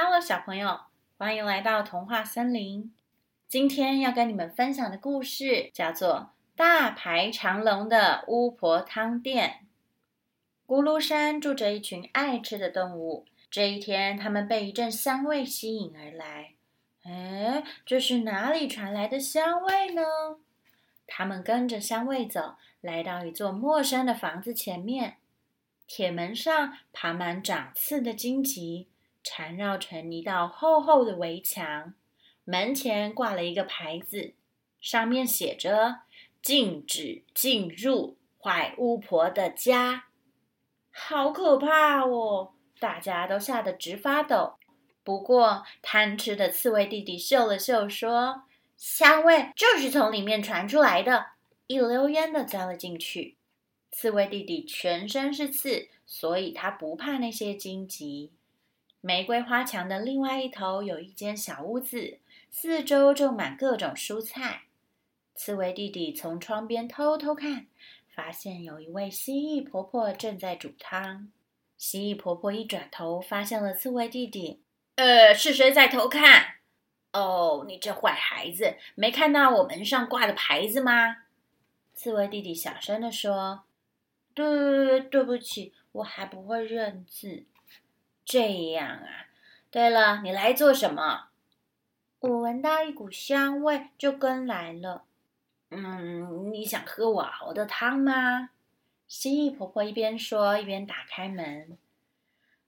Hello，小朋友，歡迎來到童話森林。今天要跟你們分享的故事叫做《大排長龍的巫婆湯店》。咕嚕山住着一群愛吃的動物。這一天，他們被一陣香味吸引而來。哎，這是哪裡傳來的香味呢？他們跟着香味走，來到一座陌生的房子前面。鐵門上爬滿長刺的荊棘，纏繞成一道厚厚的圍牆，門前掛了一個牌子，上面寫着“禁止進入壞巫婆的家”，好可怕哦！大家都嚇得直發抖。不過，貪吃的刺蝟弟弟嗅了嗅，說：“香味就是從裡面傳出來的。”一溜煙地鑽了進去。刺蝟弟弟全身是刺，所以他不怕那些荊棘。玫瑰花牆的另外一頭有一間小屋子，四周種滿各種蔬菜。刺蝟弟弟從窗邊偷偷看，發現有一位蜥蜴婆婆正在煮湯。蜥蜴婆婆一轉頭，發現了刺蝟弟弟。呃，是誰在偷看？哦，你這壞孩子，沒看到我門上掛的牌子嗎？刺蝟弟弟小聲地說：“對對對，對不起，我還不會認字。”這樣啊，對了，你來做什麼？我聞到一股香味，就跟來了。嗯，你想喝我熬的湯嗎？心意婆婆一邊說一邊打開門。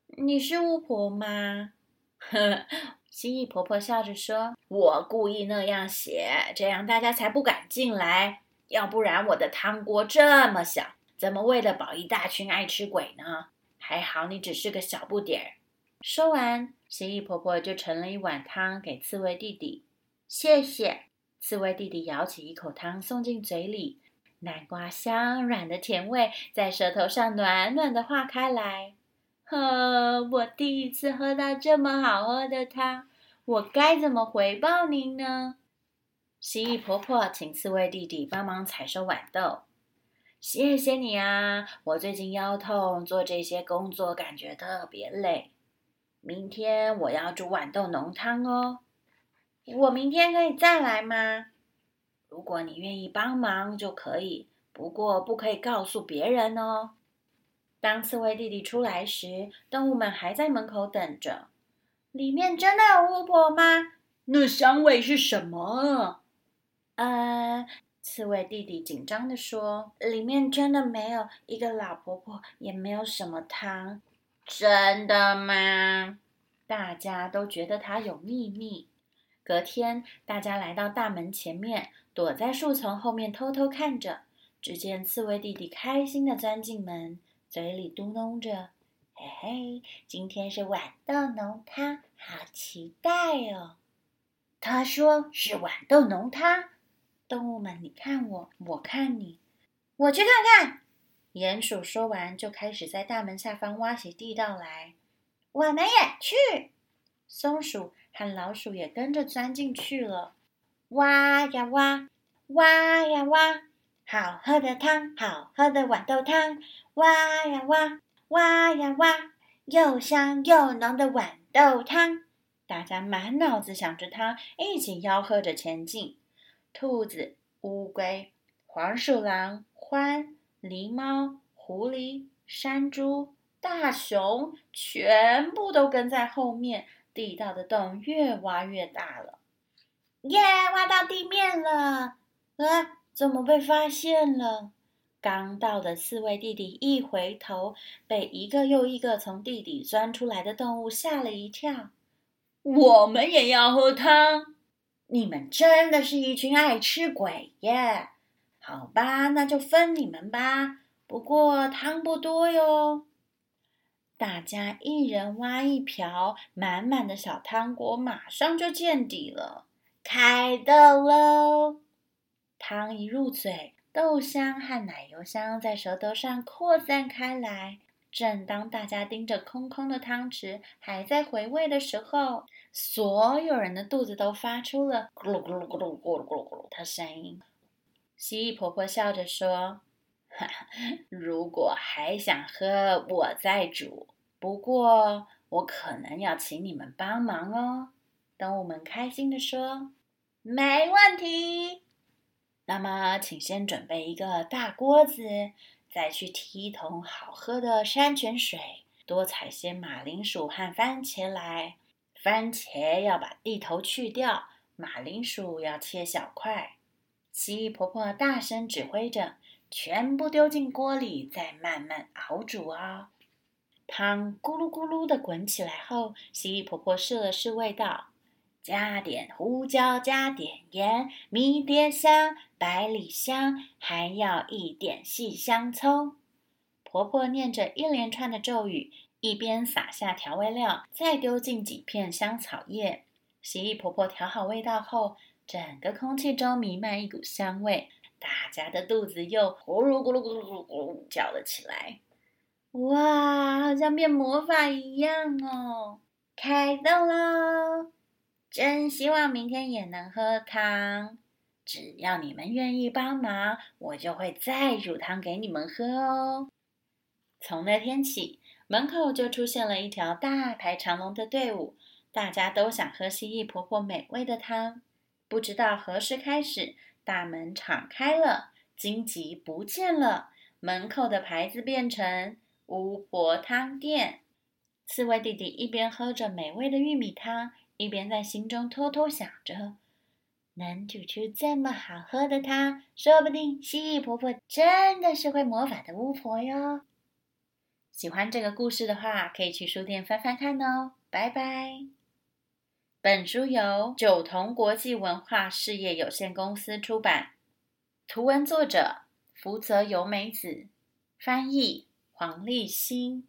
你是巫婆嗎？呵，呵，心意婆婆笑着說：“我故意那樣寫，這樣大家才不敢進來。要不然我的湯鍋這麼小，怎麼餵得飽一大群愛吃鬼呢？”還好你只是個小不點兒。說完，蜥蜴婆婆就盛了一碗湯給刺蝟弟弟。謝謝。刺蝟弟弟舀起一口湯送進嘴裡，南瓜香軟的甜味在舌頭上暖暖的化開來。呵，我第一次喝到這麼好喝的湯，我該怎麼回報您呢？蜥蜴婆婆請刺蝟弟弟幫忙採收豌豆。謝謝你啊，我最近腰痛，做這些工作感覺特別累。明天我要煮豌豆濃湯哦。我明天可以再來嗎？如果你願意幫忙就可以，不過不可以告訴別人哦。當刺蝟弟弟出來時，動物們還在門口等着。裡面真的有巫婆嗎？那香味是什麼？呃。刺蝟弟弟緊張地說：“裡面真的沒有一個老婆婆，也沒有什麼湯，真的嗎？”大家都覺得他有秘密。隔天，大家來到大門前面，躲在樹叢後面偷偷看着。只見刺蝟弟弟開心地鑽進門，嘴裡嘟噥着：“嘿嘿，今天是豌豆濃湯，好期待哦！”他說：“是豌豆濃湯。”動物們，你看我，我看你，我去看看。鼴鼠說完，就開始在大門下方挖起地道來。我們也去。松鼠和老鼠也跟着鑽進去了。挖呀挖，挖呀挖，好喝的湯，好喝的豌豆湯。挖呀挖，挖呀挖，又香又濃的豌豆湯。大家滿腦子想着湯，一起吆喝着前進。兔子、烏龜、黃鼠狼、獾、狸貓、狐狸、山豬、大熊，全部都跟在後面。地道的洞越挖越大了，耶！Yeah, 挖到地面了，啊！怎麼被發現了？剛到的刺蝟弟弟一回頭，被一個又一個從地底鑽出來的動物嚇了一跳。我們也要喝湯。你們真的是一群愛吃鬼耶！好吧，那就分你們吧。不過湯不多喲，大家一人挖一瓢，滿滿的小湯鍋馬上就見底了。開動嘍！湯一入嘴，豆香和奶油香在舌頭上擴散開來。正當大家盯着空空的湯匙還在回味的時候，所有人的肚子都發出了咕嚕咕嚕咕嚕咕嚕咕嚕的聲音。蜥蜴婆婆笑着說，哈哈：“如果還想喝，我再煮。不過我可能要請你們幫忙哦。”動物們開心地說：“沒問題。”那麼，請先準備一個大鍋子，再去提一桶好喝的山泉水，多採些馬鈴薯和番茄來。番茄要把蒂頭去掉，馬鈴薯要切小塊。蜥蜴婆婆大聲指揮着，全部丟進鍋裡，再慢慢熬煮啊、哦！湯咕嚕咕嚕地滾起來後，蜥蜴婆婆試了試味道，加點胡椒，加點鹽，迷迭香、百里香，還要一點細香蔥。婆婆念着一連串的咒語。一邊撒下調味料，再丟進幾片香草葉。洗衣婆婆調好味道後，整個空氣中彌漫一股香味，大家的肚子又咕嚕咕嚕咕嚕咕嚕咕嚕叫了起來。哇，好像變魔法一樣哦！開動嘍！真希望明天也能喝湯。只要你們願意幫忙，我就會再煮湯給你們喝哦。從那天起，門口就出現了一條大排長龍的隊伍，大家都想喝蜥蜴婆婆美味的湯。不知道何時開始，大門敞開了，荊棘不見了，門口的牌子變成巫婆湯店。刺蝟弟弟一邊喝着美味的玉米湯，一邊在心中偷偷想着：能煮出這麼好喝的湯，說不定蜥蜴婆婆真的是會魔法的巫婆喲。喜歡這個故事的話，可以去書店翻翻看哦。拜拜。本書由九童國際文化事業有限公司出版，圖文作者福澤由美子，翻譯黃立忻。